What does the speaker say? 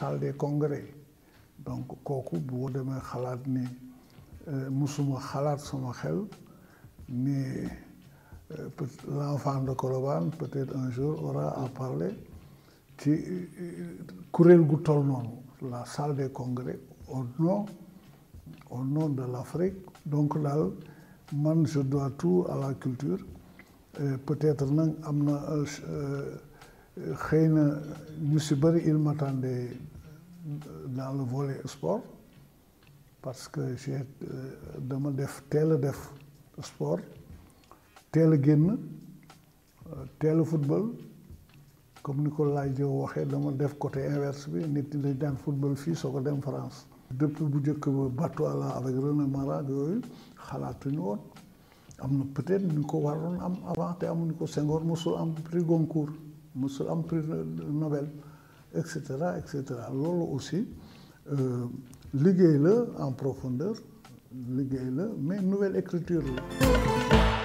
salle des congrès donc kooku boo demee xalaat ni euh, musuma xalaat sama xel ni euh, l'enfant de Colobane peut-être un jour aura à parler ci euh, kuréel gu toll noonu la salle des congrès au nom au nom de l'Afrique donc daal man je dois tout à la culture peut-être nag am na xëy na ñu si bëri il m'attendait dans le volet sport parce que j'ai euh, dama def teel a def sport teel a génn euh, teel a football comme ni ko laaj yow waxee dama def côté inverse bi nit ñi dañ daan football fii soo ko dem France. depuis bu njëkk ba Batouala avec René Mara yooyu xalaatuñu woon am na peut-être ñu ko waroon am avant te amuñu ko Senghor mosul am prix Goncourt. musul am prix Nobel et cetera et cetera loolu aussi euh, liggéey la en profondeur liggéey la mais nouvelle écriture la